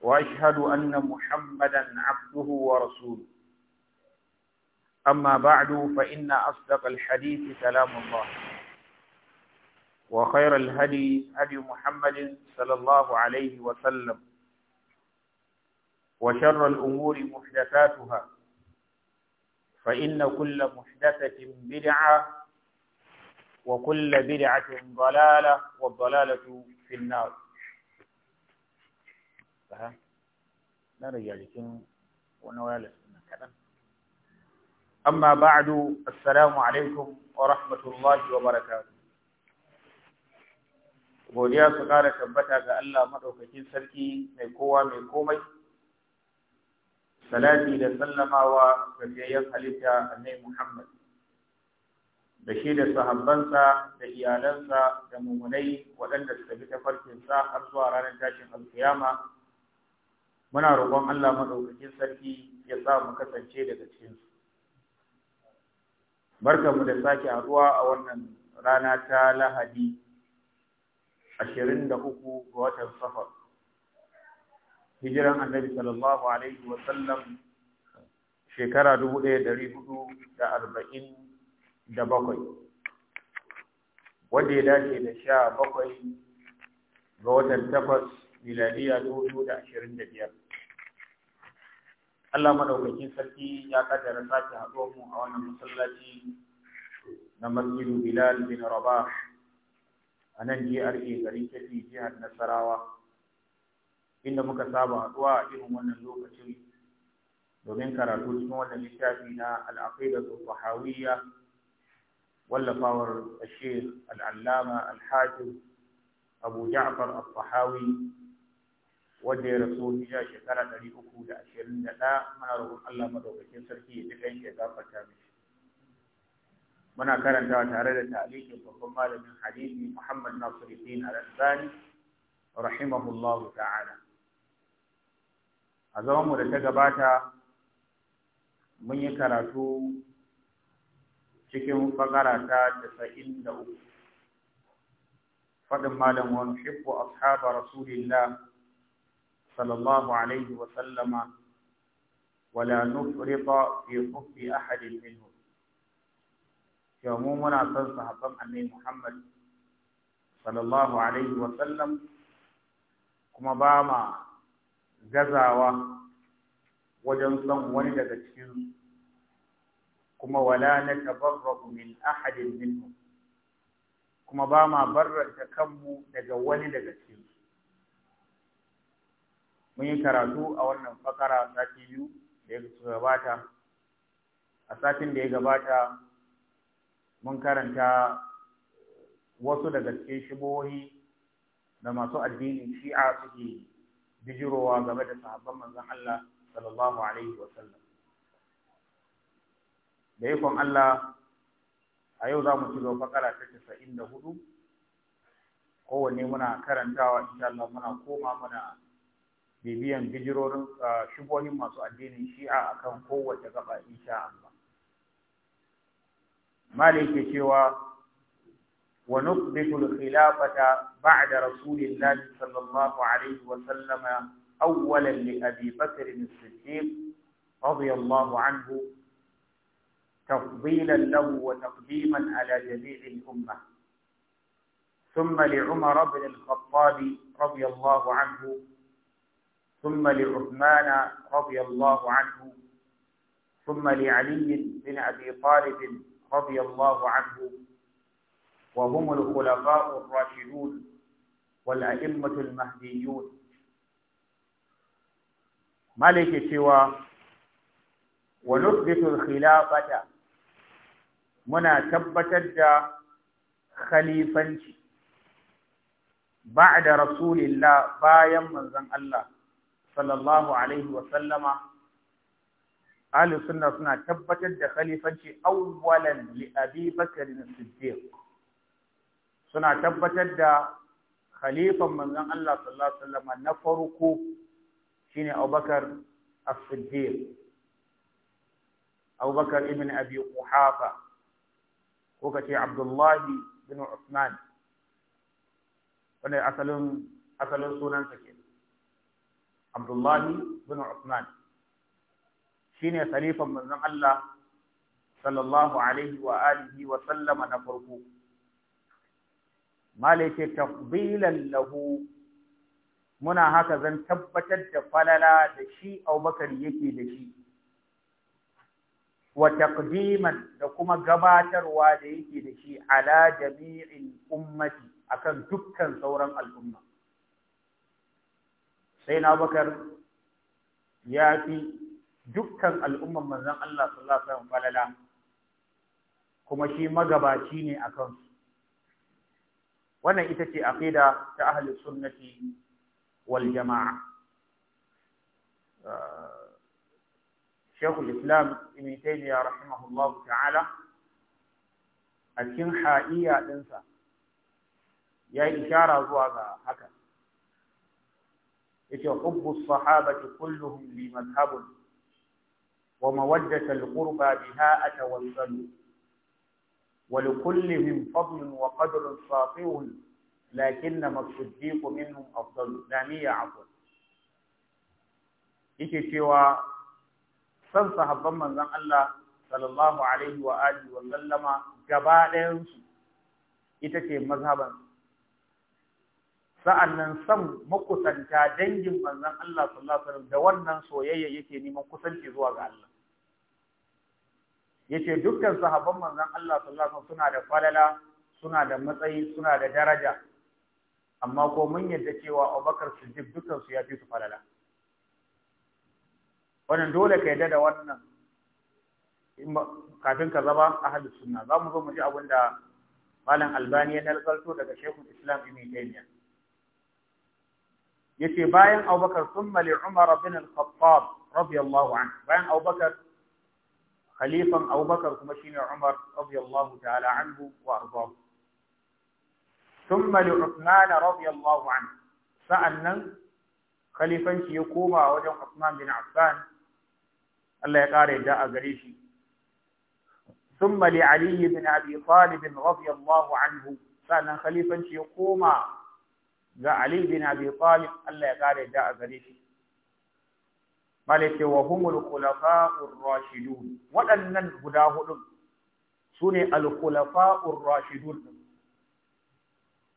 وأشهد أن محمدا عبده ورسوله أما بعد فإن أصدق الحديث كلام الله وخير الهدي هدي محمد صلى الله عليه وسلم وشر الأمور محدثاتها فإن كل محدثة بدعة وكل بدعة ضلالة والضلالة في النار aha na rage jikin wani wireless kaɗan amma ba'adu assalamu alaikum wa rahmatullahi wa barakatuh godiya su ƙara tabbata ga Allah maɗaukacin sarki mai kowa mai komai salati da sallamawa ga jayyan halitta nai Muhammad da shi da sahabbansa da iyalansa da mummunai waɗanda suka bi ta farkinsa, har zuwa ranar tashin alkiyama muna roƙon Allah maɗaukakin sarki ya sa mu kasance daga cikin su barkamu da sake haɗuwa a wannan rana ta Lahadi 23 ga watan Safar hijiran Annabi sallallahu alaihi wa sallam shekara 1447 wanda ya dace da sha bakwai ga watan takwas miladiya dubu da ashirin da biyar. Allah madaukakin sarki ya kaddara sake haɗo mu a wannan masallaci na masjidu Bilal bin Rabah a nan GRA garin Kebbi jihar Nasarawa inda muka saba haɗuwa a irin wannan lokacin domin karatu cikin wannan littafi na al da tahawiyya wallafawar Sheikh al al-Hafiz Abu Ja'far al-Tahawi wanda ya rasu hijira shekara ɗari uku da ashirin da ɗaya muna roƙon Allah madaukakin sarki ya ji ɗan gafarta mishi. Muna karantawa tare da ta'alikin babban malamin hadisi Muhammad Nasiruddin al rahimahullah rahimahullahu ta'ala. A mu da ta gabata mun yi karatu cikin fakara ta tasa'in da uku. Faɗin malam wani shibbu ashabar Rasulillah صلى الله عليه وسلم ولا نفرط في حب أحد منهم في عمومنا صلى صحابة النبي محمد صلى الله عليه وسلم كما باما جزاوة وجنسا ولد تشير كما ولا نتبرأ من أحد منهم كما باما برأت كم دجواني دجتشير mun yi karatu a wannan fakara sati biyu da ya gabata a satin da ya gabata mun karanta wasu daga cikin shibohi da masu addinin shi'a suke bijirowa game da sahabban manzon Allah sallallahu alaihi wa sallam da yakon Allah a yau za mu ci gaba fakara ta casa'in da huɗu? kowanne muna karantawa insha Allah muna koma muna bibiyan bijirorin shubohin masu addinin shi'a akan kowace gaba insha Allah malike cewa wa nuthbitu khilafata ba'da rasulillahi sallallahu alaihi wa sallama awwalan li abi bakr as-siddiq radiyallahu anhu تفضيلا له وتقديما على جميع الأمة ثم لعمر بن الخطاب رضي الله عنه ثم لعثمان رضي الله عنه ثم لعلي بن أبي طالب رضي الله عنه وهم الخلفاء الراشدون والأئمة المهديون ملك سوى ونثبت الخلافة منا ثبتت خليفة بعد رسول الله بايا من الله sallallahu alaihi wa sallama ahli sunna suna tabbatar da khalifanci awwalan li abi bakr siddiq suna tabbatar da khalifan manzon Allah sallallahu alaihi wa sallama na farko shine abubakar as-siddiq abubakar ibn abi quhafa ko kace abdullahi bin usman wannan asalin asalin sunan sa ke Abdullahi bin Usman, shine khalifan manzon Allah sallallahu alaihi wa alihi wa sallama na farko malaike tafdilan lahu muna haka zan tabbatar da falala da shi Abubakar yake da shi wa taqdiman da kuma gabatarwa da yake da shi ala jami'il ummati akan dukkan sauran al'umma sai na bakar ya fi dukkan al'umman manzan Allah sallallahu alaihi falala kuma shi magabaci ne a kansu wannan ita ce aqida ta ahli sunnati wal jama'a uh, Sheikhul Islam Ibn Taymiyyah rahimahullah ta'ala a cikin ha'iya ɗinsa ya yi ishara zuwa ga haka ايتي حب الصحابه كلهم لمذهب وموده القربى بها اتوسل ولكلهم فضل وقدر ساطئ لكنما الصديق منهم افضل دامية عفوا ايتي تيوا صحابة من ذن الله صلى الله عليه واله وسلم جبالهم ايتي مذهبا sa'annan san makusanta dangin manzan Allah sallallahu alaihi da wannan soyayya yake neman kusanci zuwa ga Allah yace dukkan sahabban manzon Allah sallallahu alaihi suna da falala suna da matsayi suna da daraja amma ko mun yadda cewa Abubakar Siddiq dukkan su ya fi su falala wannan dole ka yadda da wannan kafin ka zama ahlus suna? za mu zo mu ji da malam Albani ya nalkalto daga Sheikhul Islam Ibn Taymiyyah yace bayan Abubakar thumma li Umar bin al-Khattab radiyallahu anhu bayan Abubakar khalifan Abubakar kuma shine Umar radiyallahu ta'ala anhu wa ardahu thumma li Uthman radiyallahu anhu sa'annan shi ya koma wajen Uthman bin Affan Allah ya kare da a gare shi ثم لعلي بن أبي طالب رضي الله عنه sannan shi ya koma ga Ali bin Abi Talib Allah ya kare da a gare shi malaka wa humul khulafa'ur rashidun waɗannan guda hudu sune al khulafa'ur rashidun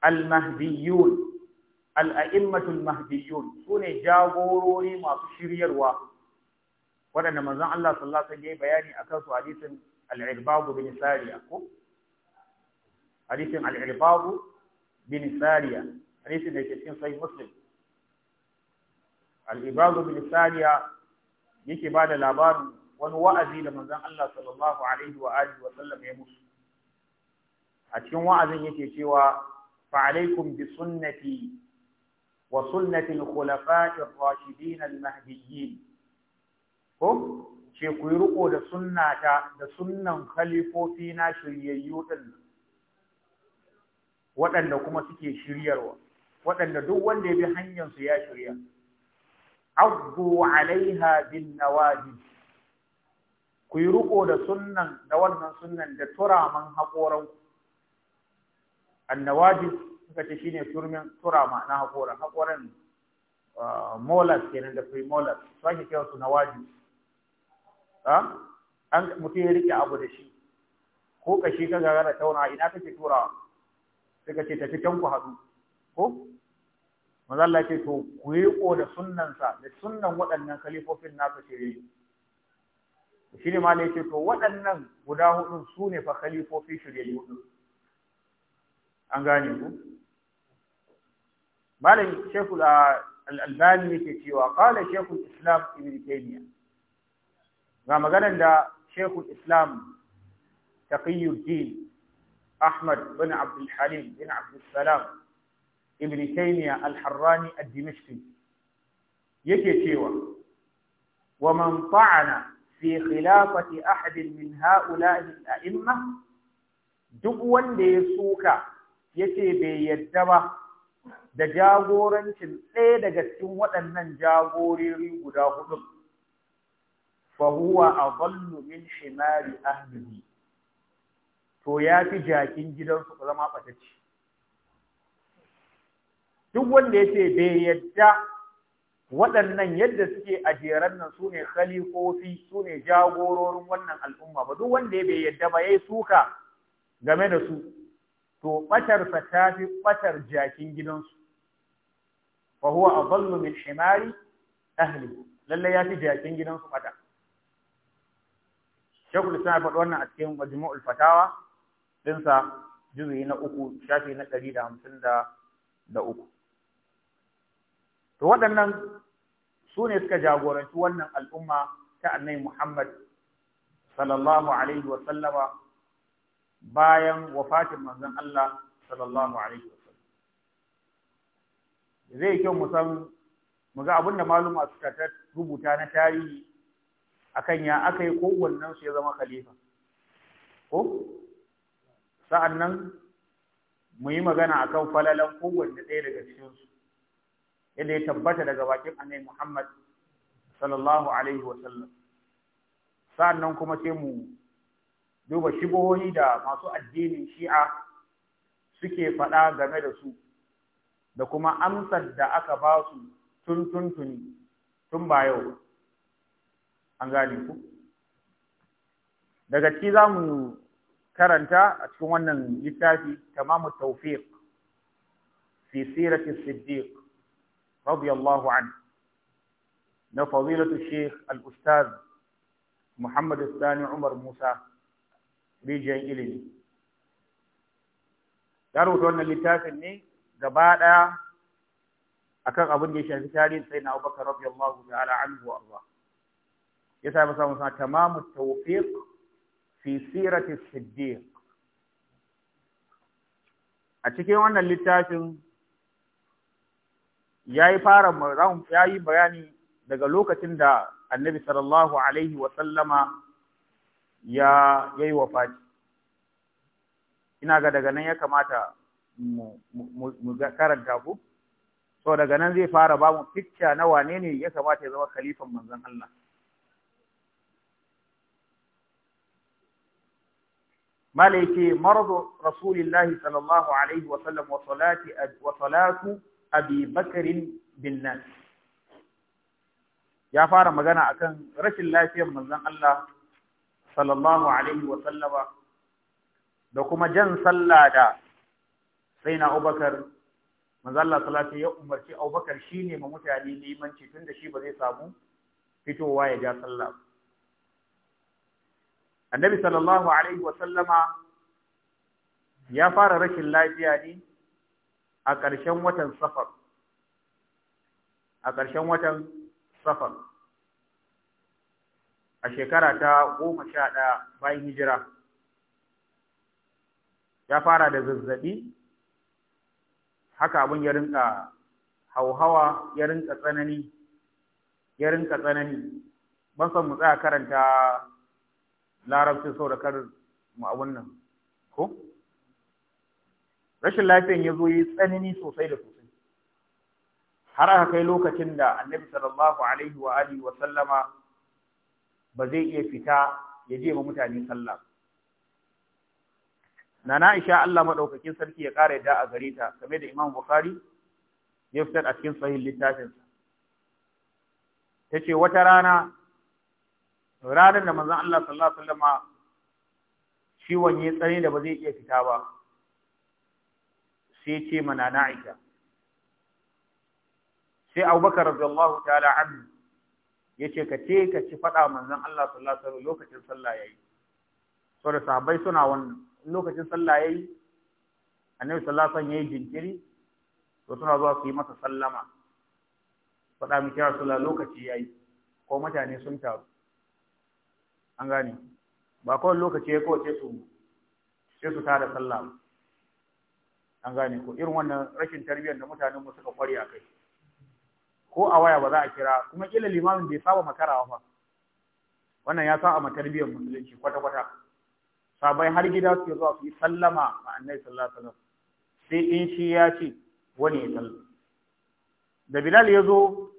al mahdiyun al a'immatul mahdiyun sune jagorori masu shiryarwa waɗanda manzon Allah sallallahu alaihi bayani akan su hadisin al-irbad bin sariya ko hadisin al bin sariya hadisin da ke cikin sahih muslim al-ibadu bil sariya yake bada da labarin wani wa'azi da manzon Allah sallallahu alaihi wa alihi wa sallam ya musu a cikin wa'azin yake cewa fa'alaikum bi sunnati wa sunnati al-khulafa'i ar-rashidin al-mahdiyyin ku yi riko da sunnata da sunnan khalifofi na shirye din waɗanda kuma suke shiryarwa waɗanda duk wanda ya bi hanyarsu ya shirya Abu alaiha bin nawadi ku yi riko da sunan da wannan sunan da turaman haƙoran annawaji suka ce shine turmin turama na haƙoran haƙoran ah, molas kenan da molas. su ake cewa su nawaji an mutum ya rike abu da shi ko kashi ka gagara tauna ina kake turawa suka ce tafi can ku haɗu ko manzo Allah ce to ku yi ko da sunnan sa da sunnan waɗannan kalifofin nasa shirye shi ne malai ce to waɗannan guda hudu su ne fa kalifofi shirye hudu an gane ku malam shekul al-albani yake cewa qala shekul islam ibn taymiya ga maganar da shekul islam taqiyuddin ahmad bin abdul halim bin abdul salam ibn taymiya al-harrani ad-dimashqi yake cewa wa man ta'ana fi khilafati ahad min ha'ula'i al-a'imma duk wanda ya suka yace bai yadda ba da jagorancin ɗaya daga cikin waɗannan jagorori guda hudu fa huwa adallu min himari ahlihi to ya fi jakin gidansu zama ɓatacce duk wanda ya ce bai yadda waɗannan yadda suke a jeran nan su ne khalifofi su jagororin wannan al'umma ba duk wanda ya bai yadda ba ya yi suka game da su to ɓatarsa ta fi ɓatar jakin gidansu fa huwa adallu min himari ahli lalle ya fi jakin gidansu ɓata shekul islam faɗi wannan a cikin majmu'ul fatawa dinsa juzuyi na uku shafi na ɗari da hamsin da uku to waɗannan su ne suka jagoranci wannan al'umma ta annabi Muhammad sallallahu alaihi wa sallama bayan wafatin manzon Allah sallallahu alaihi wa zai kyau mu san mu ga abinda maluma suka ta rubuta na tarihi akan ya aka yi kowannen su ya zama khalifa ko sa'annan mu yi magana akan falalan kowanne ɗaya daga cikin yadda ya tabbata daga bakin annabi Muhammad sallallahu alaihi wa sallam sannan kuma sai mu duba shigohi da masu addinin Shi'a suke faɗa game da su da kuma amsar da aka ba su tun tuntuni tun ba yau an gani ku daga ci za mu karanta a cikin wannan littafi tamamu tawfiq fi sirati siddiq radiyallahu an na fadilatu sheikh al-ustaz Muhammad Sani Umar Musa rijiyar ilimi ya rubuta wannan littafin ne gaba daya akan abin da ya shafi tarihin sai na Abubakar radiyallahu ta'ala anhu wa Allah ya sa masa masa tamamu tawfiq fi sirati siddiq a cikin wannan littafin Ya yi fara ya yi bayani daga lokacin da annabi sallallahu alaihi wa sallama ya wa Fati. ina ga daga nan ya kamata mu karanta ku so daga nan zai fara ba mu picture na wane ne ya kamata ya zama khalifan manzon Allah mala yake maradu rasulillahi sallallahu alaihi wa sallam wa salati wa salatu abi bakarin bin nas ya fara magana akan rashin lafiyar manzon Allah sallallahu alaihi wa sallama da kuma jan sallah da sayyidina Abubakar manzon Allah sallallahu alaihi ya umarci Abubakar shine ma mutane limanci tunda shi ba zai samu fitowa ya ja sallah Annabi sallallahu alaihi wa sallama ya fara rashin lafiya ne a ƙarshen watan safar a ƙarshen watan safar a shekara ta goma sha ɗaya bayan hijira ya fara da zazzaɓi haka abin ya rinka hauhawa ya rinka tsanani ya rinka tsanani ban san mu tsaya karanta larabci sau da kar mu abun nan ko rashin lafiyan ya zo yi tsanani sosai da sosai har aka kai lokacin da annabi sallallahu alaihi wa alihi wa sallama ba zai iya fita ya je ma mutane sallah nana Aisha Allah madaukakin sarki ya kare da a gare ta game da Imam Bukhari ya fitar a cikin sahih littafin tace wata rana ranar da manzon Allah sallallahu alaihi wa sallama ciwon ya tsani da ba zai iya fita ba sai ce mana na Aisha sai Abubakar radiyallahu ta'ala Ya yace ka ce ka ci fada manzon Allah sallallahu alaihi wasallam lokacin sallah yayi da sahabbai suna wannan lokacin sallah yayi annabi sallallahu alaihi wasallam yayi jinkiri to suna zuwa su yi masa sallama fada miki rasulullah lokaci yayi ko mutane sun taru an gane ba kawai lokaci ya kowace su sai su tada sallah an gane ko irin wannan rashin tarbiyyar da mutanen mu suka kware a kai ko a waya ba za a kira kuma kila limamin bai saba makarawa ba wannan ya sa a tarbiyyar musulunci kwata-kwata sabai har gida suke zuwa su yi sallama a annabi sallallahu alaihi wasallam sai in shi ya ce wani ya sallama da bilal ya zo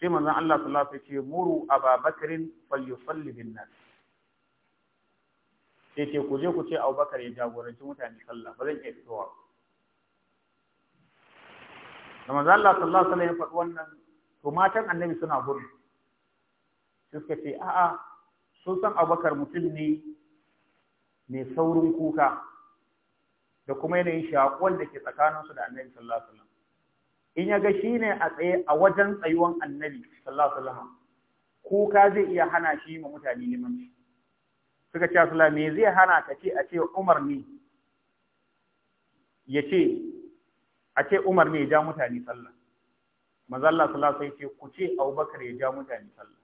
sai manzon Allah sallallahu alaihi wasallam ya ce muru ababakrin falyusalli bin nas sai ce ku je ku ce abubakar ya jagoranci mutane sallah ba zan iya fitowa ba. da manzo Allah sallallahu alaihi wasallam ya faɗi wannan to matan annabi suna gudu sai suka ce a'a sun san Abubakar mutum ne mai saurin kuka da kuma yanayin shakuwar da ke tsakaninsu da annabi sallallahu alaihi wasallam in ya ga shine a tsaye a wajen tsayuwan annabi sallallahu alaihi wasallam kuka zai iya hana shi ma mutane shi. suka ce sallallahu me zai hana ka ce a ce Umar ne ya ce a ce Umar ne ya ja mutane sallah manzo Allah sallallahu alaihi wasallam ku ce Bakar ya ja mutane sallah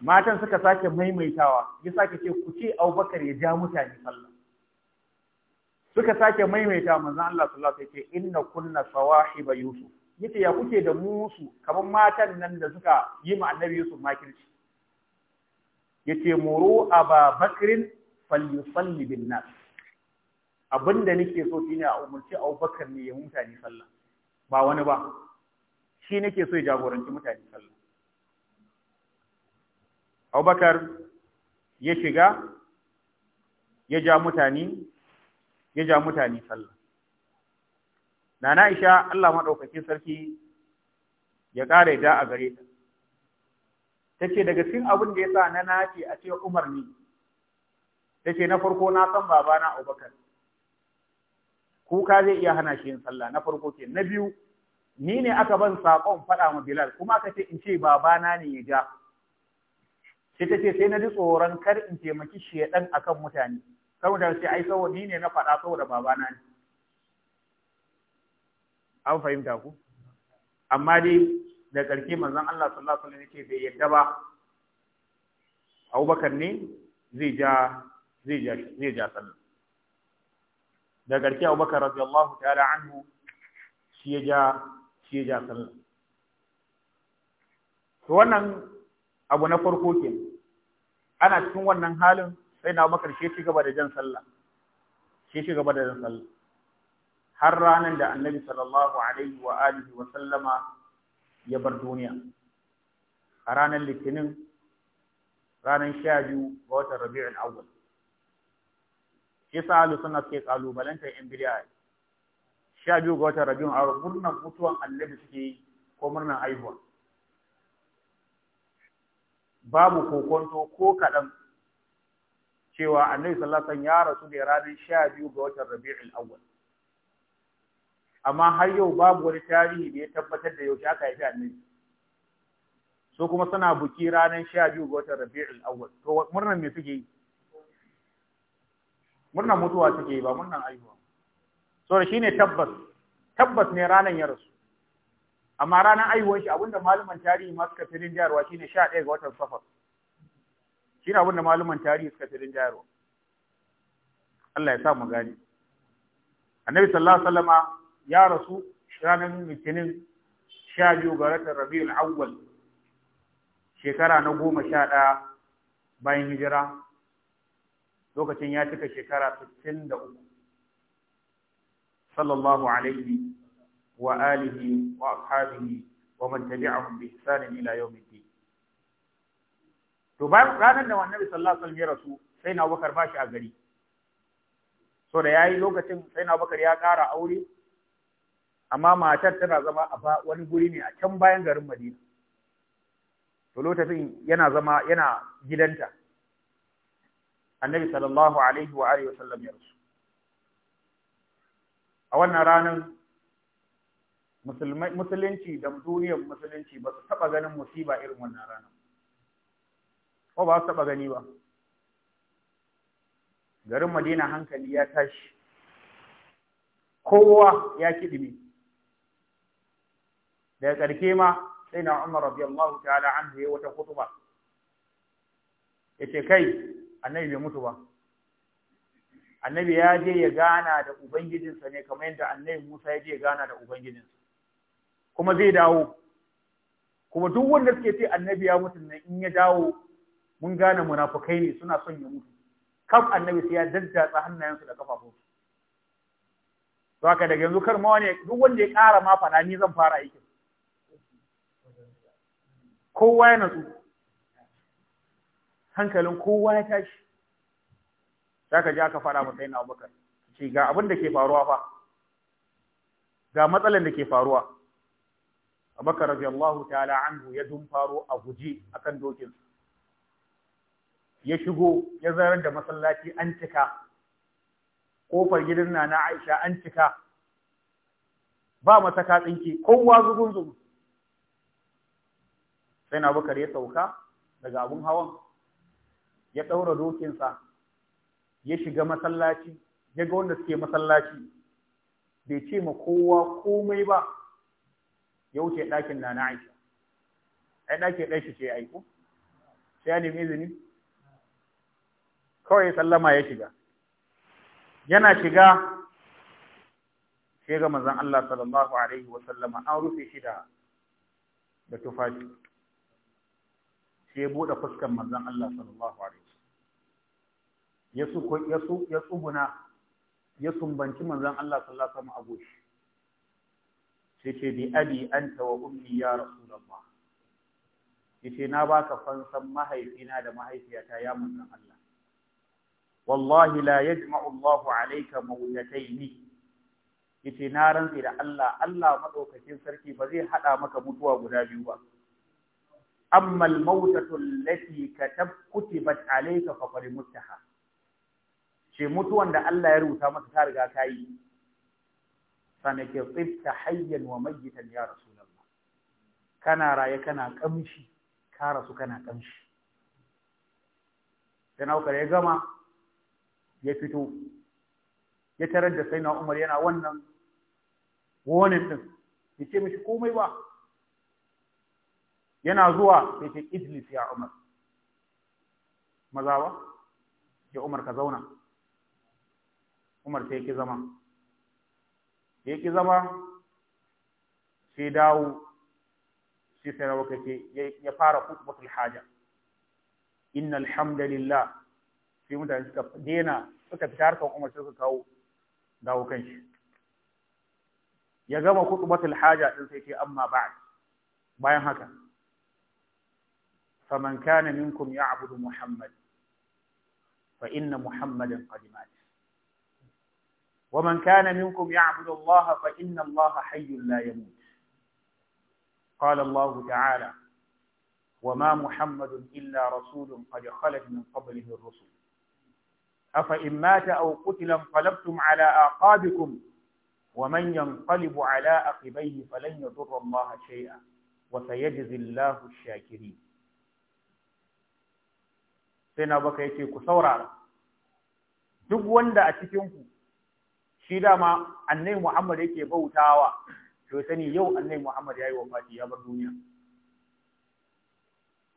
matan suka sake maimaitawa ya sake ce ku ce Bakar ya ja mutane sallah suka sake maimaita manzo Allah sallallahu alaihi wasallam ce inna kunna sawahiba yusuf yace ya kuke da musu kamar matan nan da suka yi ma annabi Yusuf makirci yace muru aba bakrin falyusalli bin nas abin da nake so shine a umarci Abubakar ne ya mutane sallah ba wani ba shi nake so ya jagoranci mutane sallah Abubakar ya shiga ya ja mutane ya ja mutane sallah Nana Aisha Allah madaukakin sarki ya kare da a gare ta tace daga cikin abin da ya sa na nace a ce Umar ne tace na farko na san babana Abubakar kuka zai iya hana shi yin sallah na farko ke na biyu ni ne aka ban saƙon faɗa ma Bilal kuma aka ce in ce babana ne ya ja sai ta ce sai na ji tsoron kar in taimaki shedan akan mutane saboda sai ai saboda ni ne na faɗa saboda babana ne an fahimta ku amma dai da ƙarshe manzon Allah sallallahu alaihi wasallam bai yadda ba Abubakar ne zai ja zai ja zai ja sallah da garke abubakar radiyallahu ta'ala anhu shi ya ja shi ya ja sallah to wannan abu na farko ke ana cikin wannan halin sai na abubakar shi ci gaba da jan sallah shi ci gaba da jan sallah har ranar da annabi sallallahu alaihi wa alihi wa sallama ya bar duniya a ranar litinin ranar sha biyu ga watan rabi'ul awwal shi sa ahlus sunna suke kalubalanta yan bid'a sha biyu ga watan rabin a murnan mutuwan annabi suke yi ko murnan aihuwa babu kokonto ko kaɗan cewa annabi sallallahu alaihi wasallam ya rasu ne ranar sha biyu ga watan rabiul awwal amma har yau babu wani tarihi da ya tabbatar da yaushe aka haifi annabi so kuma suna buki ranar sha biyu ga watan rabiul awwal to murnan me suke yi murnan mutuwa suke yi ba murnan aihuwa so shi ne tabbas tabbas ne ranar ya rasu amma ranar aihuwar shi abinda maluman tarihi ma suka firin jayarwa shine 11 ga watan safar shine abinda maluman tarihi suka firin jayarwa Allah ya sa mu gani annabi sallallahu alaihi wasallama ya rasu ranar litinin 12 ga watan rabiul awwal shekara na 11 bayan hijira lokacin ya cika shekara 63 sallallahu alaihi wa alihi wa ashabihi wa man tabi'ahum bi ihsan ila yawmiddin to ba ranar da annabi sallallahu alaihi wa sallam rasu sai na Abubakar bashi a gari so da yayi lokacin sai na ya ƙara aure amma matar tana zama a wani guri ne a can bayan garin Madina to lokacin yana zama yana gidanta annabi sallallahu alaihi wa alihi wasallam ya rasu a wannan ranar musulunci da duniyar musulunci ba su taɓa ganin musiba irin wannan ranar ko ba su taɓa gani ba garin madina hankali ya tashi kowa ya Da daga karke ma sai na umar radiyallahu ta'ala anhu ya wata kutuba ya ce kai annabi bai mutu ba annabi ya je ya gana da ubangijinsa ne kamar yadda annabi Musa ya je ya gana da ubangijinsa kuma zai dawo kuma duk wanda suke ce annabi ya mutu nan in ya dawo mun gane munafukai ne suna son ya mutu kaf annabi sai ya daddatsa hannayensu da kafafunsu to haka daga yanzu kar ma ne duk wanda ya kara ma fada ni zan fara aikin kowa ya natsu hankalin kowa ya tashi ka ji aka fara masa yana kan? ce ga abin da ke faruwa fa ga matsalin da ke faruwa abubakar radiyallahu ta'ala anhu ya dumfaro a guje akan dokin ya shigo ya zarar da masallaci an cika kofar gidan na na Aisha an cika ba masaka tsinki kowa zugun zugun sai na bakar ya sauka daga abin hawan ya ɗaura dokinsa ya shiga masallaci ya ga wanda suke masallaci bai ce ma kowa komai ba ya wuce ɗakin na na aisha ai ɗakin shi ce aiko sai ya nemi izini kawai sallama ya shiga yana shiga sai ga manzon Allah sallallahu alaihi wa sallama an rufe shi da da tufafi sai buɗe fuskan manzon Allah sallallahu alaihi ya tsuguna ya sumbanci manzon Allah sallallahu alaihi wasallam a goshi sai ce bi abi anta wa ummi ya rasulullah yace na baka fansan mahaifina da mahaifiyata ya manzon Allah wallahi la yajma'u Allahu alayka mawlataini yace na rantsi da Allah Allah madaukakin sarki ba zai hada maka mutuwa guda biyu ba amma al-mautatu allati katab kutibat alayka fa qad muttaha ce mutuwan da Allah ya rubuta masa ta riga ta yi sana ke tsibta hayyan wa mayyitan ya rasulullah kana raye kana kamshi ka rasu kana kamshi sai na ya gama ya fito ya tarar da sai na umar yana wannan wonin din ya ce mishi komai ba yana zuwa ya ce idlis ya umar maza ba ya umar ka zauna umar sai ki zama da zama sai dawo shi sai na kace ya fara khutbatul haja inna alhamdulillah sai mutane suka dena suka fita harkar umar sai suka kawo dawo kanshi ya gama khutbatul haja din sai ce amma ba'd bayan haka faman kana minkum ya'budu muhammad fa inna muhammadan qad ومن كان منكم يعبد الله فإن الله حي لا يموت قال الله تعالى وما محمد إلا رسول قد خلت من قبله الرسل أفإن مات أو قتل انقلبتم على أعقابكم ومن ينقلب على عقبيه فلن يضر الله شيئا وسيجزي الله الشاكرين سيدنا بكر يقول ku saurara duk wanda a cikinku shi dama annai Muhammad yake bautawa to sani yau annai Muhammad yayi wafati ya bar duniya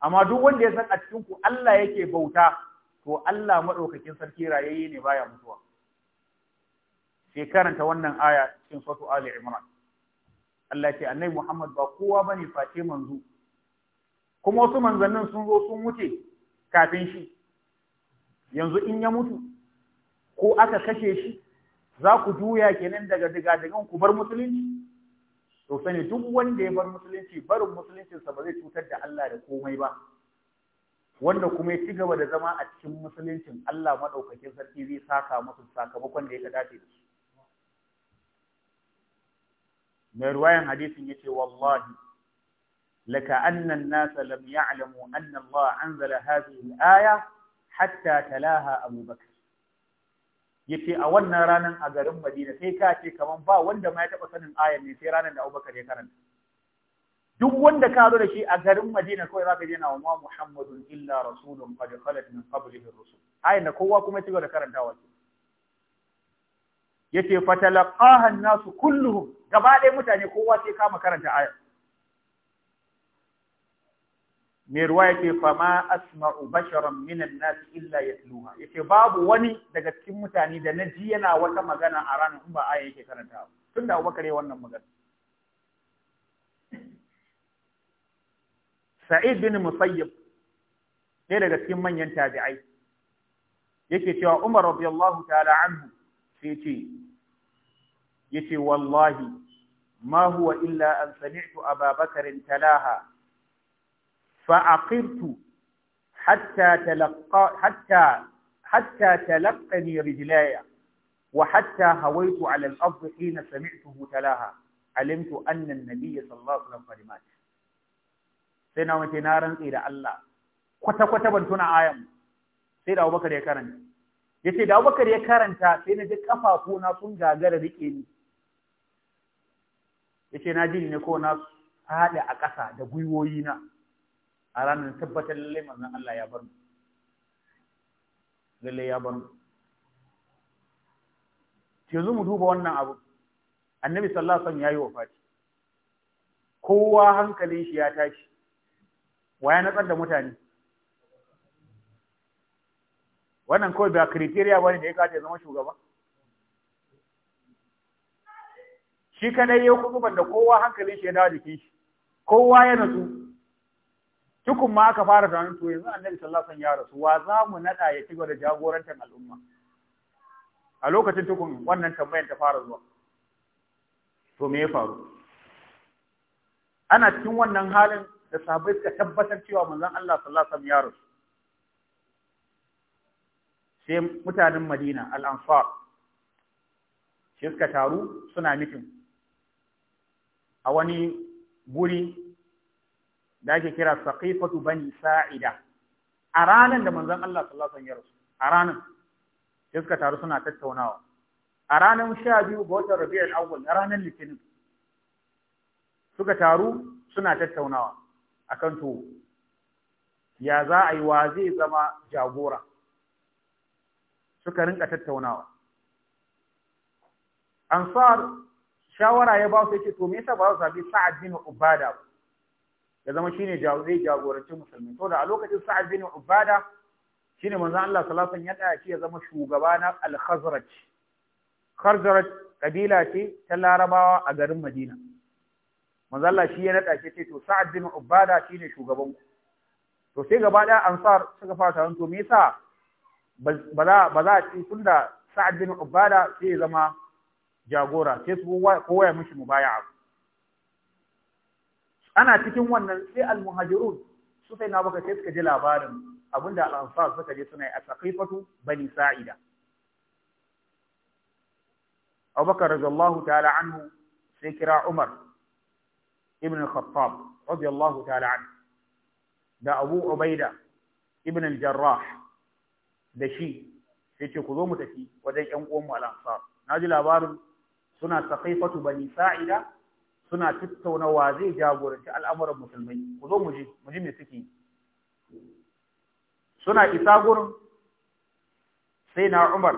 amma duk wanda ya san a cikin ku Allah yake bauta to Allah madaukakin sarki rayayye ne baya mutuwa sai karanta wannan aya cikin suratul Ali Imran Allah ce annai Muhammad ba kowa bane face manzo kuma wasu manzannin sun zo sun mutu kafin shi yanzu in ya mutu ko aka kashe shi za ku juya kenan daga diga-digan ku bar musulunci to sani duk wanda ya bar musulunci barin musuluncinsa ba zai cutar da Allah da komai ba wanda kuma ya ci gaba da zama a cikin musuluncin Allah maɗaukakin sarki zai saka musu sakamakon da ya dace da su mai ruwayan hadisin ya ce wallahi laka annan nasa lam ya'lamu anna Allah anzala hadhihi al-aya hatta talaha Abu yace a wannan ranar a garin Madina sai ka ce kaman ba wanda ma ya taba sanin ayan ne sai ranar da Abubakar ya karanta duk wanda ka zo da shi a garin Madina kawai zaka je na wa Muhammadun illa rasulun qad khalat min qablihi rusul ayan da kowa kuma ci gaba da karantawa ce yace fatalaqaha an-nasu kulluhum gaba ɗaya mutane kowa sai kama karanta ayan mai ruwa yake fama asma'u basharan minan nas illa yatluha yace babu wani daga cikin mutane da na ji yana wata magana a ranar in ba aya yake karanta tun da Abubakar wannan magana Sa'id bin Musayyib ɗaya daga cikin manyan tabi'ai yake cewa Umar radiyallahu ta'ala anhu sai ce yace wallahi ma huwa illa an sami'tu ababakarin talaha فعقرت حتى تلقى حتى حتى تلقني رجلاي وحتى هويت على الأرض حين سمعته تلاها علمت أن النبي صلى الله عليه وسلم مات sai na mace na rantsi da Allah kwata-kwata ban ayan sai da Abubakar ya karanta yace da Abubakar ya karanta sai na ji kafafuna sun gagara rike ni yace na ko na haɗe a ƙasa da gwiwoyi na a ranar tabbatar lalle manzon Allah ya bar mu lalle ya bar mu yanzu mu duba wannan abu annabi sallallahu alaihi wasallam yayi wafati kowa hankalin shi ya tashi Wa ya natsar da mutane wannan kawai ba kriteriya bane da ya kace zama shugaba shi kadai ya kuma da kowa hankalin shi ya dawo jikin shi kowa ya natsu tukun ma aka fara tunanin to yanzu annabi sallallahu alaihi wasallam ya rasu wa za mu nada ya ci da jagorantar al'umma a lokacin tukun wannan tambayar ta fara zuwa to me ya faru ana cikin wannan halin da sahabbai suka tabbatar cewa manzon Allah sallallahu alaihi wasallam ya rasu sai mutanen Madina al-Ansar sai suka taru suna mitin a wani guri da ake kira saqifatu bani sa'ida a ranar da manzon Allah sallallahu alaihi wasallam ya rasu a ranar sai suka taru suna tattaunawa a ranar 12 ga watan Rabiul Awwal a ranar Litinin suka taru suna tattaunawa akan to ya za a yi wa zai zama jagora suka rinka tattaunawa ansar shawara ya ba su yake to me yasa ba su sabi Sa'ad bin Ubada ba ya zama shine zai jagoranci musulmi to da a lokacin sa'ad bin ubada shine manzon Allah sallallahu alaihi wasallam ya ɗaya shi ya zama shugaba na al-khazraj khazraj kabila ce ta larabawa a garin madina manzon Allah shi ya nada shi ce to sa'ad bin ubada shine shugaban ku to sai gaba da ansar suka fara taron to me yasa ba za a ci ci tunda sa'ad bin ubada sai ya zama jagora sai su kowa ya mishi mubaya'a ana cikin wannan sai almuhajirun su sai na baka sai suka ji labarin abinda al'ansar suka je suna yi a saqifatu bani sa'ida abubakar radiyallahu ta'ala anhu sai kira umar ibn al-khattab radiyallahu ta'ala anhu da abu ubaida ibn al-jarrah da shi sai ce ku zo mu tafi wajen ƴan uwan mu al-ansar ji labarin suna saqifatu bani sa'ida suna tattauna wa zai jagoranci al'amuran musulmai ku zo mu ji mu me suke suna isa gurin sai na Umar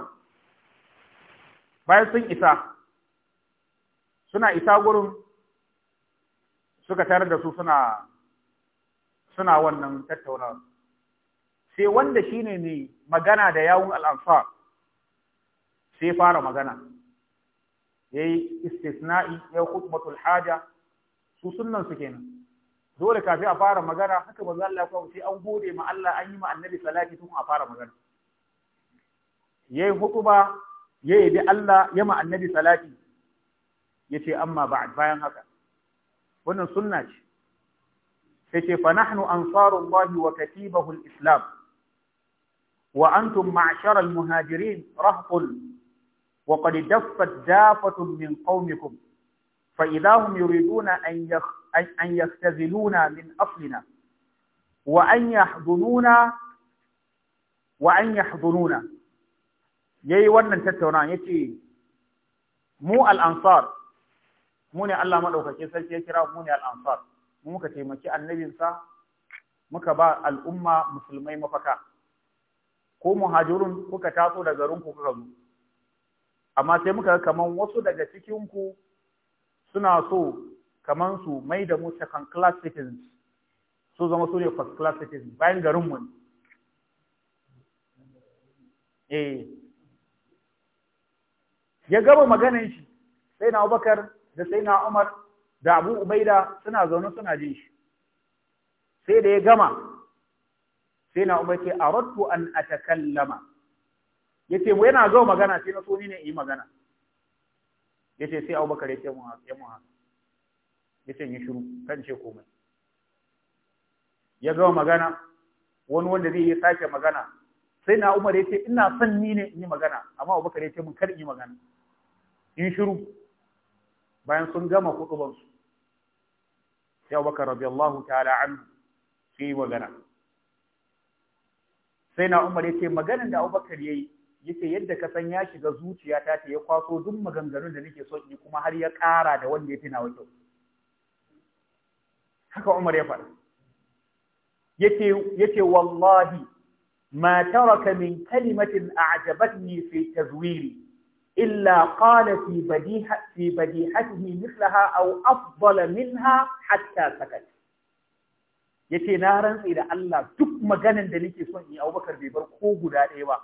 bayan sun isa suna isa gurin suka tare da su suna suna wannan tattaunawa sai wanda shine mai magana da yawun al'amfar sai fara magana yayi istisna'i ya khutbatul haja su sunnan su kenan dole kafi a fara magana haka manzo Allah ya sai an gode ma Allah an yi ma annabi salati tun a fara magana yayi hutuba yayi bi Allah ya ma annabi salati yace amma ba'd bayan haka wannan sunna ce sai ce fa nahnu ansarullahi wa katibahu al-islam wa antum ma'shara al-muhajirin rahqul وقد دفت دافة min قومكم فإذا هم يريدون أن, يخ أن يختزلونا من أصلنا وأن يحضنونا وأن yayi wannan tattaunawa yace mu al-ansar mu ne Allah madaukake sarki ya kira mu ne al-ansar mu muka taimaki annabinsa muka ba al'umma musulmai mafaka ko muhajirun kuka taso daga garin ku amma sai muka ga kaman wasu daga cikin ku suna so kaman su mai da mu second class citizens su zama su ne first class citizens bayan garin mu eh ya gaba maganin shi sai na Abubakar da sai na Umar da Abu Ubaida suna zaune suna jin shi sai da ya gama sai na Umar ce aradtu an atakallama Ya ce yana zo magana sai na so ni ne yi magana Ya ce sai Abubakar yace mu ya mu haka ce yi shiru kan ce komai ya gama magana wani wanda zai yi sake magana sai na Umar ya ce ina son ni ne in yi magana amma Abubakar ce mun kar yi magana in shiru bayan sun gama kutuban su sai Abubakar radiyallahu ta'ala anhu sai magana sai na Umar ya ce maganin da Abubakar yi. yace yadda ka san ya shiga zuciyata ta ya kwaso duk maganganun da nake so in kuma har ya ƙara da wanda ya fi nawa kyau haka Umar ya faɗa yace yace wallahi ma taraka min kalimatin a'jabatni fi tazwiri illa qala fi badiha fi badihatihi mithlaha aw afdala minha hatta sakat yace na rantsi da Allah duk maganan da nake son in Abubakar bai bar ko guda ɗaya ba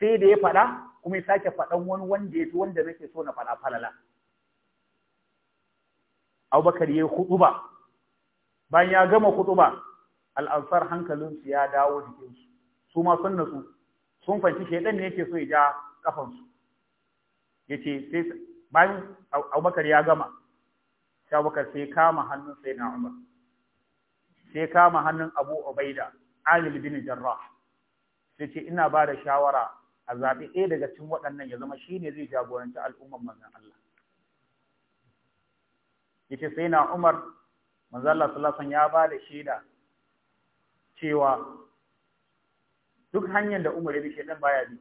sai da ya faɗa kuma ya sake faɗan wani wanda ya fi wanda nake so na faɗa falala abubakar ya yi ba. bayan ya gama ba. al'ansar hankalinsu ya dawo jikinsu su ma sun nasu sun fanci shaidan ne yake so ya ja kafansu ya ce sai bayan abubakar ya gama sai abubakar sai kama hannun sai na umar sai kama hannun abu ubaida Ali bin jarrah sai ce ina ba da shawara a zaɓi ɗaya daga cikin waɗannan ya zama shi ne zai jagoranci al'ummar manzan Allah. Yace sai na Umar, manzan Allah ya ba da shaida cewa duk hanyar da Umar ya bi shaidan baya bi.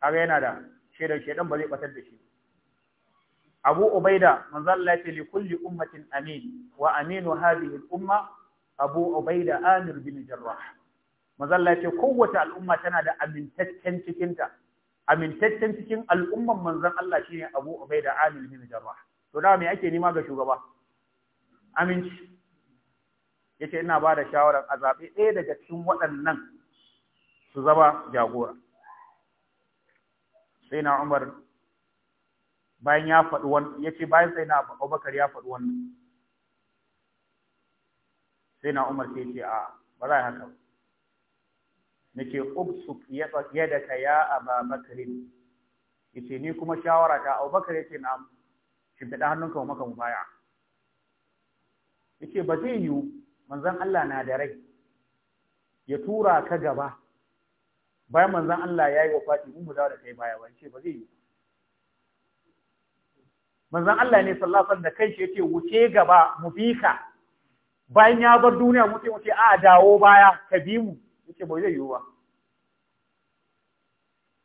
Kaga yana da shaidar shaidan ba zai batar da shi. Abu Ubaida, manzan Allah ya ce li kulli ummatin amin wa aminu hadhihi al-umma Abu Ubaida Amir bin Jarrah. mazalla ce kowace al'umma tana da amintaccen cikinta amintaccen cikin al'umman manzon Allah shine Abu Ubaida Amil bin Jarrah to da me ake nima ga shugaba aminci yace ina ba da shawaran a zabe ɗaya daga cikin waɗannan su zama jagora sai na Umar bayan ya faɗi wannan yace bayan sai na Abubakar ya faɗi wannan sai na Umar sai ce a ba za haka ba nake ubsuk yadaka ya aba bakrin yace ni kuma shawara ta abubakar yace na shimfiɗa hannunka maka mu baya yace ba zai yiwu manzon Allah na da rai ya tura ka gaba bayan manzon Allah ya yi wa Fati mu dawo da kai baya ba yace ba zai yiwu manzon Allah ne sallallahu alaihi wasallam da kanshi yace wuce gaba mu bi ka bayan ya bar duniya mu ce mu ce a dawo baya ka bi mu yace bai zai yiwu ba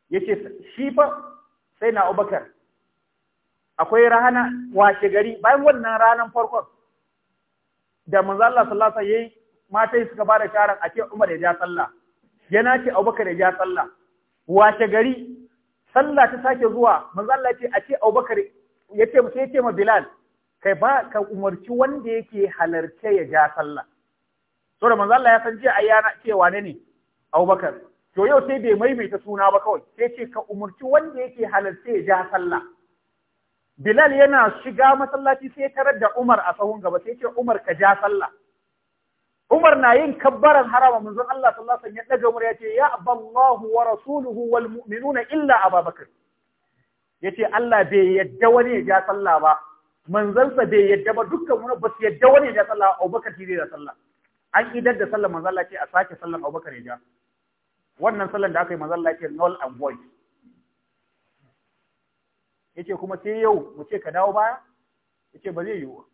yace shi fa sai na Abubakar akwai rana washe gari bayan wannan ranan farkon da manzo Allah sallallahu alaihi wasallam matai suka bada sharan ake Umar ya ja sallah yana ce Abubakar ya ja sallah washe gari sallah ta sake zuwa manzo Allah ya ce ake Abubakar ya ce sai ya ce ma Bilal kai ba ka umarci wanda yake halarce ya ja sallah to da manzo Allah ya san jiya ai yana cewa ne ne Abubakar to yau sai bai maimaita suna ba kawai sai ce ka umurci wanda yake halarce ya ja sallah Bilal yana shiga masallaci sai tarar da Umar a sahun gaba sai ce Umar ka ja sallah Umar na yin kabbaran harama manzon Allah sallallahu alaihi wasallam ya daga ya ce ya aballahu wa rasuluhu wal mu'minuna illa Abubakar yace Allah bai yadda wani ya ja sallah ba manzansa bai yadda ba dukkan mu ba su yadda wani ya ja sallah Abubakar shi zai ja sallah an idar da sallar manzo Allah ce a sake sallar Abubakar ya ja wannan sallar da aka yi manzo Allah ce null and void yace kuma sai yau mu ce ka dawo baya yace ba zai yiwu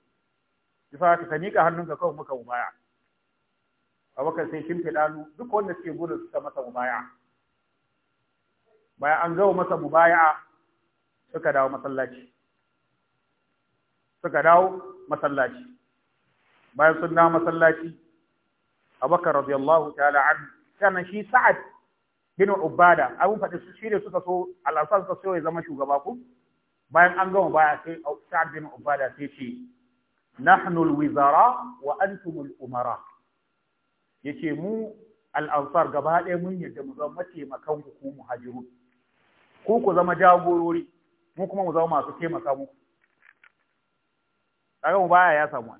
yasa ka mika hannunka kawai muka baya Abubakar sai shimfe dalu duk wanda suke gudu suka masa mu baya bayan an gama masa baya suka dawo masallaci suka dawo masallaci bayan sun dawo masallaci Abubakar radiyallahu ta'ala an sannan shi Sa'ad bin Ubada abun faɗi shi ne suka so al-Ansar suka so ya zama shugaba ku bayan an gama baya sai Sa'ad bin Ubada sai ce nahnu al-wizara wa antum al-umara yace mu al-Ansar gaba ɗaya mun yadda mu zama taimakon ku ku muhajirun ku ku zama jagorori mu kuma mu zama masu taimaka muku kaga mu baya ya samu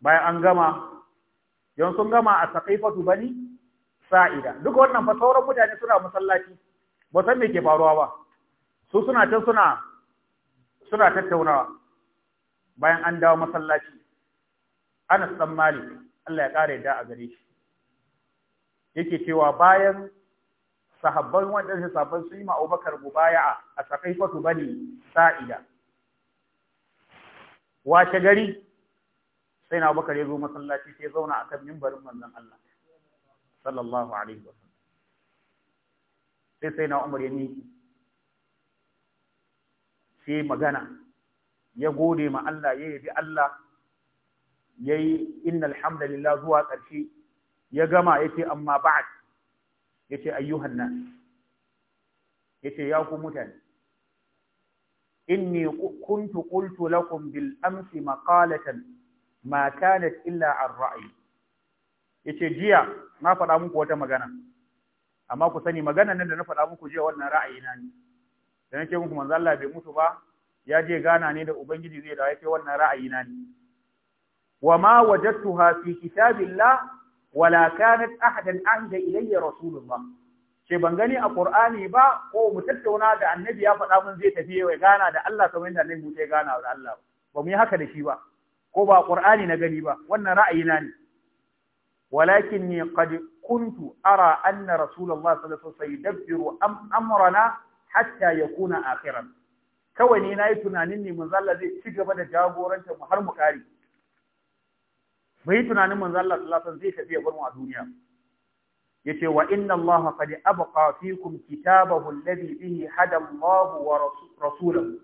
bayan an gama Yanzu sun gama a saƙaifatu bani sa'ida. Duka wannan fa sauran mutane suna masallaci, ba san me ke faruwa ba. Su suna can suna suna tattaunawa bayan an dawo masallaci. ana san mali Allah ya ƙara yadda a gare shi. Yake cewa bayan sahabban waɗansu sahabban sun yi ma Abubakar baya a saƙaifatu bani sa'ida. Washe gari sai na bakar ya zo masallaci sai zauna a kan mimbarin manzon Allah sallallahu alaihi wa sai sai na Umar ya miki sai magana ya gode ma Allah ya yabi Allah yayi innal hamdalillah zuwa ƙarshe ya gama yace amma ya ce ayyuhan ya ce ya ku mutane inni kuntu qultu lakum bil amsi maqalatan ma kanat illa an ra'ayi yace jiya na faɗa muku wata magana amma ku sani magana nan da na faɗa muku jiya wannan ra'ayi na ne da nake muku manzo Allah bai mutu ba ya je gana ne da ubangiji zai dawo yace wannan ra'ayi na ne wa ma wajadtuha fi kitabillah wala kanat ahadan ahda ilayya rasulullah ce ban gani a Qur'ani ba ko mu tattauna da annabi ya faɗa mun zai tafi ya gana da Allah kamar yadda annabi mu gana da Allah ba mu yi haka da shi ba ko ba ƙur'ani na gani ba wannan ra'ayina ne walakin ne qad kuntu ara anna rasulullah sallallahu alaihi wasallam sayudabbiru amrana hatta yakuna akhiran kawai ni nayi tunanin ne manzo Allah zai ci gaba da jagoranta mu har mu kare bai tunanin manzo Allah sallallahu alaihi wasallam zai tafi ya bar mu a duniya yace wa inna Allah qad abqa fikum kitabahu alladhi bihi hada Allah wa rasuluhu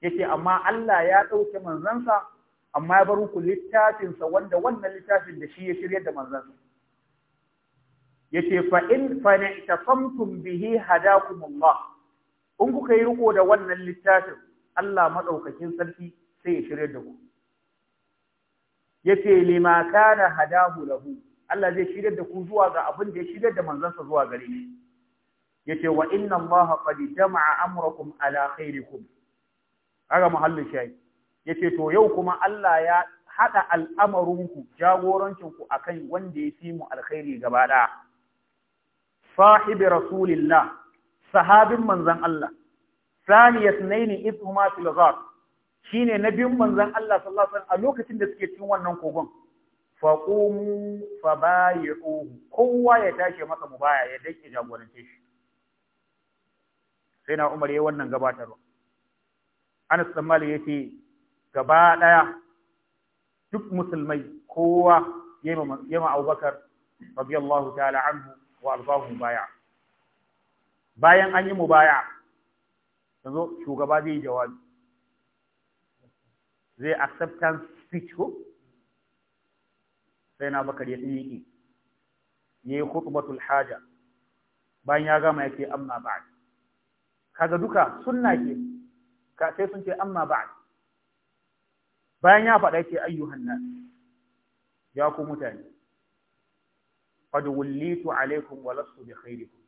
yace amma Allah ya dauke manzansa amma ya bar ku littafinsa wanda wannan littafin da shi ya shirya da manzansa yace fa in fa itafamtum bihi hadakumullah in kuka yi riko da wannan littafin Allah madaukakin sarki sai ya shirya da ku yace lima kana hadahu lahu Allah zai shirya da ku zuwa ga abin da ya shirya da manzansa zuwa gare shi yace wa inna Allah qad jama'a amrakum ala khairikum Aga muhallin shayi yace to yau kuma Allah ya haɗa al'amarinku jagorancinku a kan wanda ya fi mu alkhairi gaba ɗaya. Sahibi Rasulillah, sahabin manzan Allah, saniyas naini ithuma fil ghar shine nabin manzan Allah sallallahu alaihi wasallam a lokacin da suke cikin wannan kogon. Fa qumu fa bayi'uhu, kowa ya tashi masa mubaya ya dake jagorance shi. Sai na Umar yayi wannan gabatarwa. Anas dan Malik yace gaba ɗaya duk musulmai kowa ya yema abubakar radiyallahu ta'ala anhu wa arzahu baya bayan an yi mu baya yanzu shugaba zai jawabi zai acceptance speech ko sai na bakar ya tsiki ya yi khutbatul haja bayan ya gama yake amma ba'd kaga duka sunna ke ka sai sun ce amma ba'd bayan ya faɗa ce ayyuhan nan, ya ku mutane qad wallitu alaikum wa lastu bi khairikum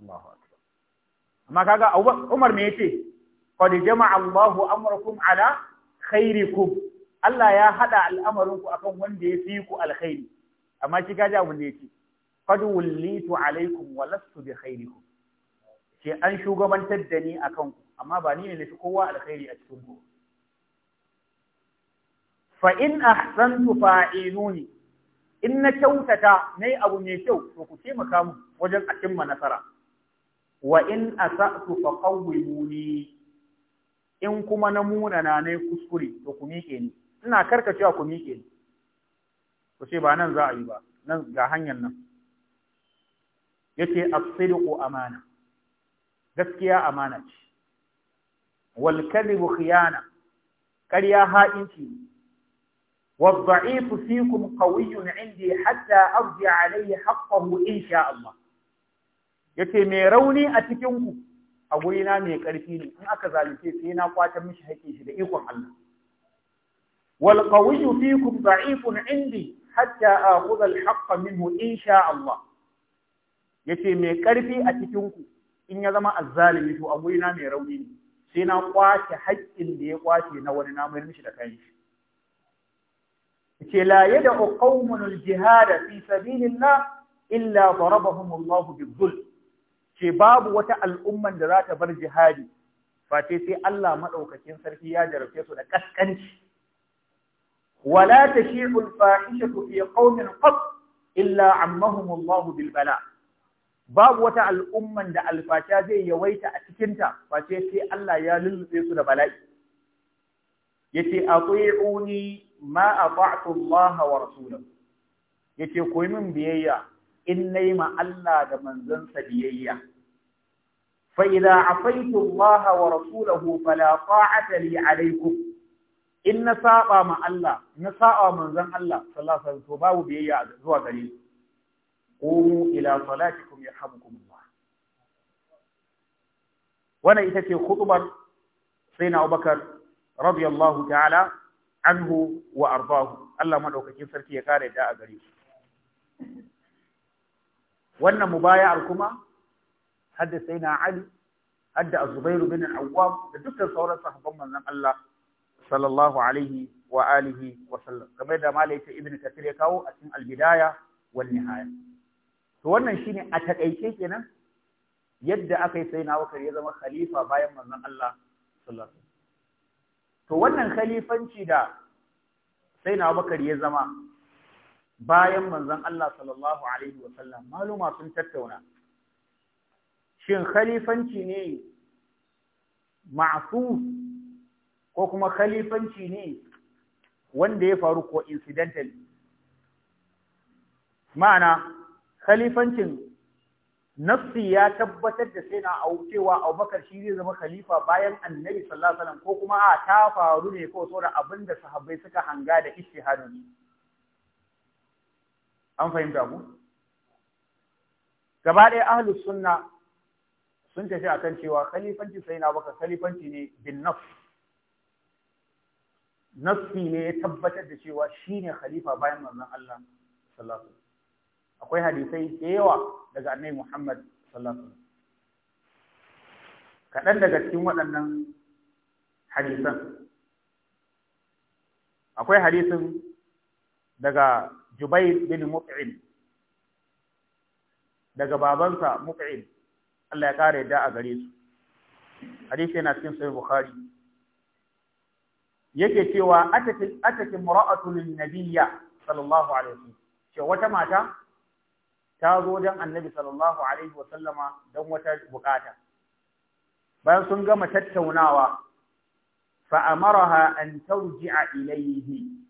Allahu akbar amma kaga Umar me yace qad jama'a Allahu amrakum ala khairikum Allah ya hada al'amarin ku akan wanda ya fi ku alkhairi amma shi kaji abin da yace qad wallitu alaikum wa lastu bi khairikum ce an shugabantar da ni akan ku amma ba ni ne na fi kowa alkhairi a cikin ku fa in ahsantu fa'inuni in na kyautata nayi abu mai kyau to ku taimaka mu wajen a cimma nasara wa in asa'tu fa muni? in kuma na munana ne kuskure to ku miƙe ni ina karkacewa ku miƙe ni ku ce ba nan za a yi ba nan ga hanyar nan Yake as amana gaskiya amana ce wal kadhibu khiyana ƙarya ha'inci والضعيف فيكم قوي عندي حتى أرجع عليه حقه إن شاء الله yace mai rauni a cikin a gurina mai ƙarfi ne in aka zalunce sai na kwata mishi haƙƙin shi da ikon Allah wal qawiyyu fikum da'ifun indi hatta akhudha al haqqa minhu in sha Allah yace mai ƙarfi a cikin in ya zama azzalimi to a gurina mai rauni ne sai na kwace haƙƙin da ya kwace na wani na mai mishi da kanshi ce la yada qaumun al-jihad fi sabilillah illa darabahum Allah bizul ce babu wata al'umman da za ta bar jihadi face sai Allah maɗaukacin sarki ya jarfe su da ƙasƙanci. wala tashi'u al-fahishatu fi qaumin qat illa ammahum Allah bil babu wata al'umman da alfasha zai yawaita a cikinta face sai Allah ya lullube su da bala'i yace ati'uni ma ata'tu Allah wa rasulahu yace ku min biyayya in nayi ma Allah da manzansa biyayya fa idza afaitu Allah wa rasulahu fala ta'ata li alaykum in na ma Allah na manzon manzan Allah sallallahu alaihi wasallam to babu biyayya zuwa gare ku qumu ila salatikum yarhamukum Allah wannan ita ce khutbar sayyidina Abubakar radiyallahu ta'ala anhu wa arbahu Allah madaukakin sarki ya kare da a gare shi wannan mubaya'ar kuma hadda sayyidina Ali hadda Az-Zubair bin Al-Awwam da dukkan sauran sahabban manzon Allah sallallahu alaihi wa alihi wa sallam kamar da malaika Ibn Kathir ya kawo a cikin Al-Bidaya wal Nihaya to wannan shine a takaice kenan yadda aka yi sayyidina Abubakar ya zama khalifa bayan manzon Allah sallallahu alaihi to wannan khalifanci da sai na bakar ya zama bayan manzon Allah sallallahu alaihi wasallam maluma sun tattauna shin khalifanci ne masu? ko kuma khalifanci ne wanda ya faru ko incidental ma'ana khalifancin nafsi ya tabbatar da sai na cewa Abubakar shi zai zama khalifa bayan Annabi sallallahu alaihi wasallam ko kuma a ta faru ne ko saboda abinda sahabbai suka hanga da ijtihadin an fahimta ku gaba ɗaya ahlus sunna sun tafi akan cewa khalifanci sai na baka khalifanci ne bin naf nafsi ne ya tabbatar da cewa shi ne khalifa bayan manzon Allah sallallahu alaihi akwai hadisai da yawa daga annabi Muhammad sallallahu alaihi kaɗan daga cikin waɗannan hadisan akwai hadisin daga Jubair bin Mut'im daga babansa Mut'im Allah ya kare da a gare su hadisi yana cikin sahih Bukhari yake cewa atati atati mura'atu lin nabiyya sallallahu alaihi wasallam ce wata mata ta zo don annabi sallallahu alaihi wasallama don wata bukata bayan sun gama tattaunawa fa'amaraha an a ilayhi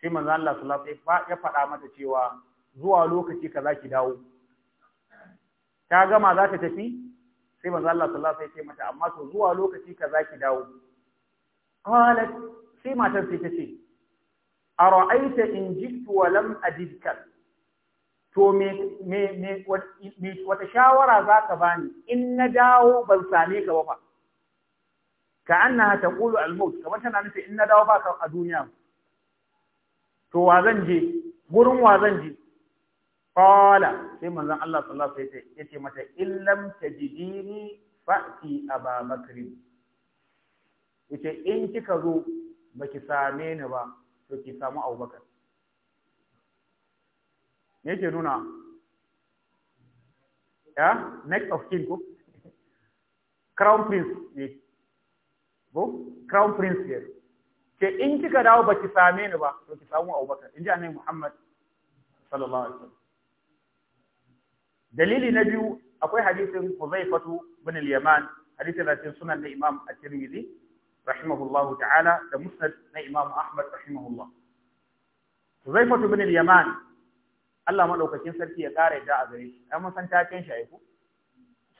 sai manzo Allah sallallahu alaihi wasallam ya faɗa mata cewa zuwa lokaci ka za ki dawo ta gama za ta tafi sai manzo Allah sallallahu alaihi wasallam ya ce mata amma zuwa lokaci ka za ki dawo qalat sai matar sai ta ce ara'aita in jitu wa lam ajidka to me wata shawara za ka bani in na dawo ban same ka ba fa ka annaha taqulu al-maut kamar tana nufi in na dawo ba ka a duniya to wa zan je gurin wa zan je qala sai manzon Allah sallallahu alaihi wasallam yace mata lam tajidini fa'ti ababakr yace in kika zo baki same ni ba to ki samu Abubakar me yake nuna ya next of king ko crown prince ne ko crown prince ne ke in kika dawo baki same ni ba to ki samu Abubakar ji annabi Muhammad sallallahu alaihi wasallam dalili na biyu akwai hadisin Huzaifatu bin al-Yaman hadisin da cikin sunan da Imam At-Tirmidhi rahimahullahu ta'ala da Musnad na Imam Ahmad rahimahullah Huzaifatu bin al-Yaman Allah madaukakin sarki ya ƙara yadda a gare shi ai mun san taken shi ai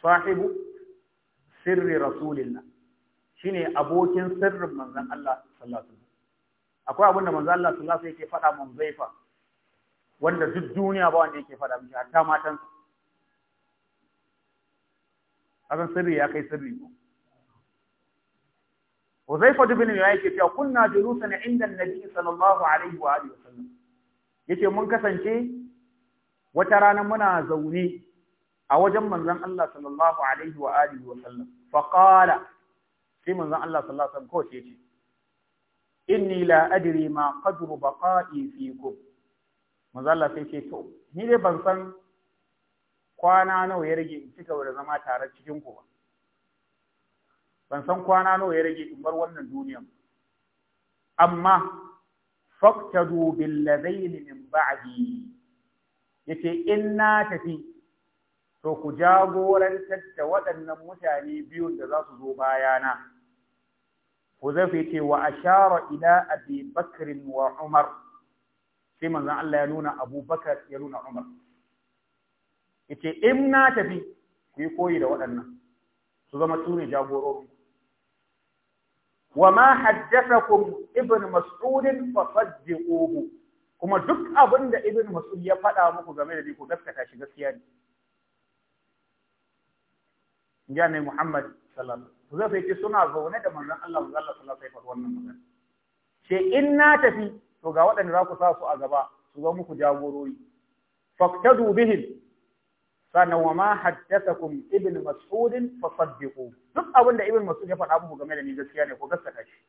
sahibu sirri rasulillah shine abokin sirrin manzon Allah sallallahu alaihi wasallam akwai abinda da manzon Allah sallallahu alaihi wasallam yake faɗa mun zaifa wanda duk duniya ba wanda yake faɗa mishi hatta matan akan sirri ya kai sirri ko Huzaifa ibn Yayi yake cewa kunna julusan inda nabi sallallahu alaihi wa alihi wasallam yace mun kasance wata rana muna zaune a wajen manzon Allah sallallahu alaihi wa alihi wa sallam fa sai manzon Allah sallallahu alaihi wa sallam ko ce inni la adri ma qadru baqa'i fikum manzon Allah sai ce to ni dai ban san kwana nawa ya rage in cika da zama tare cikin ku ba ban san kwana nawa ya rage in bar wannan duniyan amma faqtadu bil ladaini min ba'di yake in na tafi to ku jagorantar da waɗannan mutane biyun da za su zo bayana zafi yace wa ashara ila Abi Bakr wa Umar sai manzon Allah ya nuna Abu Bakar ya nuna Umar yace in na tafi ku yi koyi da waɗannan su zama su ne jagororin wa ma ku ibn mas'ud fa saddiquhu kuma duk abin da ibn mas'ud ya faɗa muku game da ku gaskata shi gaskiya ne ya ne Muhammad sallallahu alaihi wasallam zai suna zaune da manzon Allah sallallahu alaihi wasallam sai wannan magana ce in na tafi to ga waɗanda za ku sa su a gaba su zo muku jagorori faqtadu bihim sannan wa ma haddathakum ibn mas'ud fasaddiqu duk abin da ibn mas'ud ya faɗa muku game da ni gaskiya ne ku gaskata shi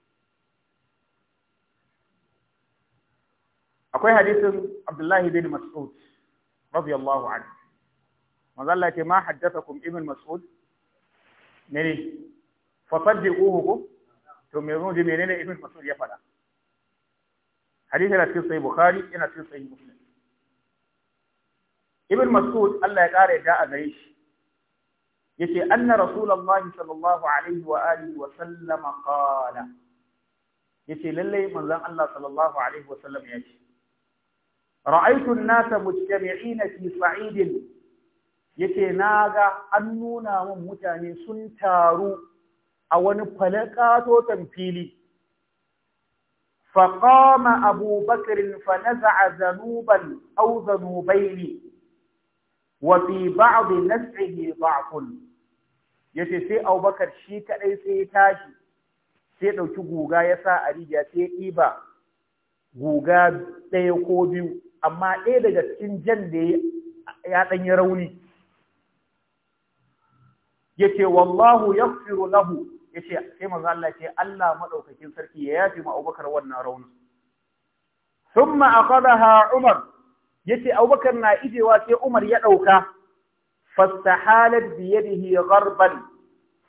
akwai hadisin Abdullahi bin Mas'ud radiyallahu anhu manzo Allah ce ma haddathakum ibn Mas'ud ne ne fa saddiquhu to me zo menene ibn Mas'ud ya faɗa hadisi yana cikin sahih Bukhari yana cikin sahih Muslim ibn Mas'ud Allah ya kare da a gare shi yace anna rasulullahi sallallahu alaihi wa alihi wa sallama qala yace lalle manzon Allah sallallahu alaihi wa sallam yace ra'aytu an-nasa mujtami'ina fi sa'idin yake naga an nuna mun mutane sun taru a wani falakatotan fili فقام fa naz'a zanuban aw أو wa fi ba'd نزعه ضعف yace sai Abubakar shi kadai sai ya tashi sai dauki guga yasa sa a rijiya sai ya guga ɗaya ko biyu amma ɗaya daga cikin jan da ya ɗan yi rauni ce wallahu yaghfiru Ya ce sai manzo Allah ce Allah madaukakin sarki ya yafi ma Abubakar wannan raunin thumma aqadaha Umar yace Abubakar na ijewa sai Umar ya dauka fastahalat bi yadihi gharban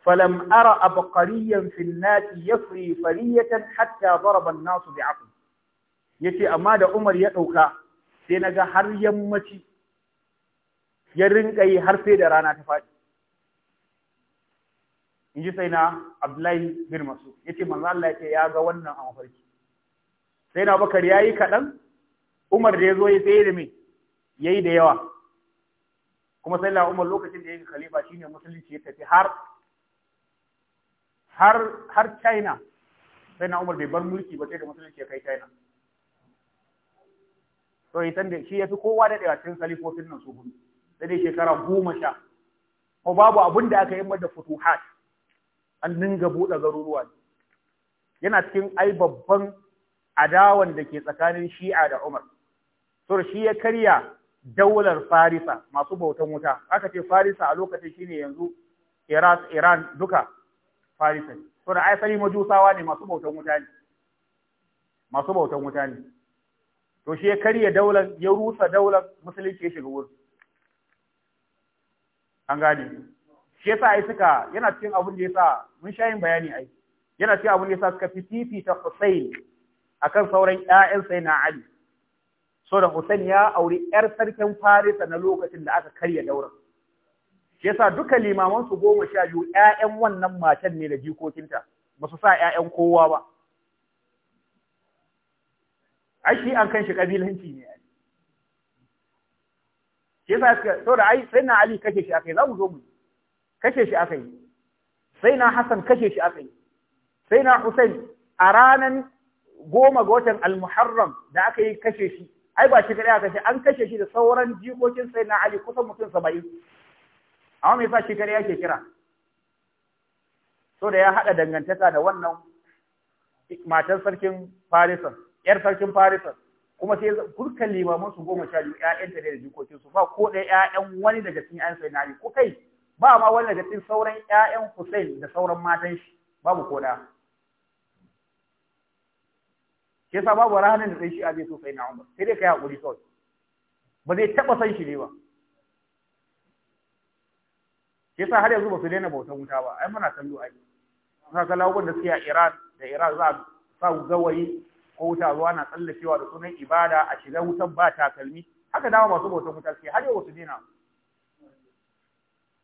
falam ara abqariyan fil nati yafri fariyatan hatta daraba nasu nas Ya yace amma da Umar ya ɗauka. sai na ga har yammaci ya rinka yi har sai da rana ta faɗi in ji sai na abdullahi bin masu ya ce manzo Allah ce ya ga wannan a mafarki sai na bakar ya yi kaɗan umar da ya zo ya tsaye da me ya yi da yawa kuma sai na umar lokacin da ya yi khalifa shine musulunci ya tafi har har china sai na umar bai bar mulki ba sai da musulunci ya kai china to yi sanda shi yafi kowa da daga cikin salifofin nan su hudu sai dai shekara goma sha ko babu abin da aka yi da futuhat an dinga buɗe garuruwa yana cikin ai babban adawan da ke tsakanin shi'a da umar to shi ya karya daular farisa masu bautan wuta aka ce farisa a lokacin shine yanzu Iraq, Iran duka Farisa. to da asali majusawa ne masu bautan wuta ne. Masu bautan wuta ne. to shi ya karya daular ya rusa daular musulunci ya shiga wurin an gane shi yasa ai suka yana cikin abin da yasa mun sha yin bayani ai yana cikin abin da yasa suka fi fifita Hussein akan sauran ƴaƴan sai na Ali so da Hussein ya auri ƴar sarkin Farisa na lokacin da aka karya daular shi yasa duka limaman su goma sha biyu ƴaƴan wannan matan ne da jikokinta ba su sa ƴaƴan kowa ba ashi an kan shi kabilanci ne ai yasa suka saboda ai sai na Ali kashe shi akai za mu zo mu kashe shi akai sai na Hassan kashe shi akai sai na husain a ranan goma ga watan Al-Muharram da aka yi kashe shi ai ba shi kaɗai aka kashe an kashe shi da sauran jikokin sai na Ali kusan mutum 70 amma me sa shi kaɗai yake kira so da ya hada dangantaka da wannan matan sarkin Farisan yar sarkin farisa kuma sai kurka limaman su goma sha biyu ƴaƴan ne da jikokin su ba ko da ƴaƴan wani daga cikin ƴaƴan sai nari ko kai ba ma wani daga cikin sauran ƴaƴan Hussein da sauran matan shi babu ko da ke sa babu rahanin da sai shi aje so sai na Umar sai dai kai hakuri kawai ba zai taba san shi ne ba ke sa har yanzu ba su daina bautan wuta ba ai muna kallo ai muna kallo da suke a Iran da Iran za a sa gawayi ko wuta ruwa na tsallakewa da sunan ibada a shiga wutar ba takalmi haka dama masu bautar wutar ke har wasu su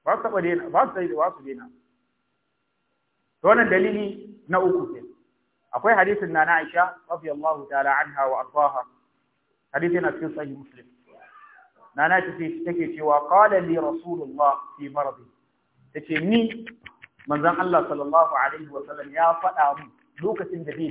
ba su taɓa dena ba su tsaye ba su dena to wannan dalili na uku ke akwai hadisin na na Aisha radiyallahu ta'ala anha wa ardaha hadisi na cikin sahih muslim na na tafi take cewa qala li rasulullah fi maradi tace ni manzon Allah sallallahu alaihi wa sallam ya faɗa mu lokacin da bi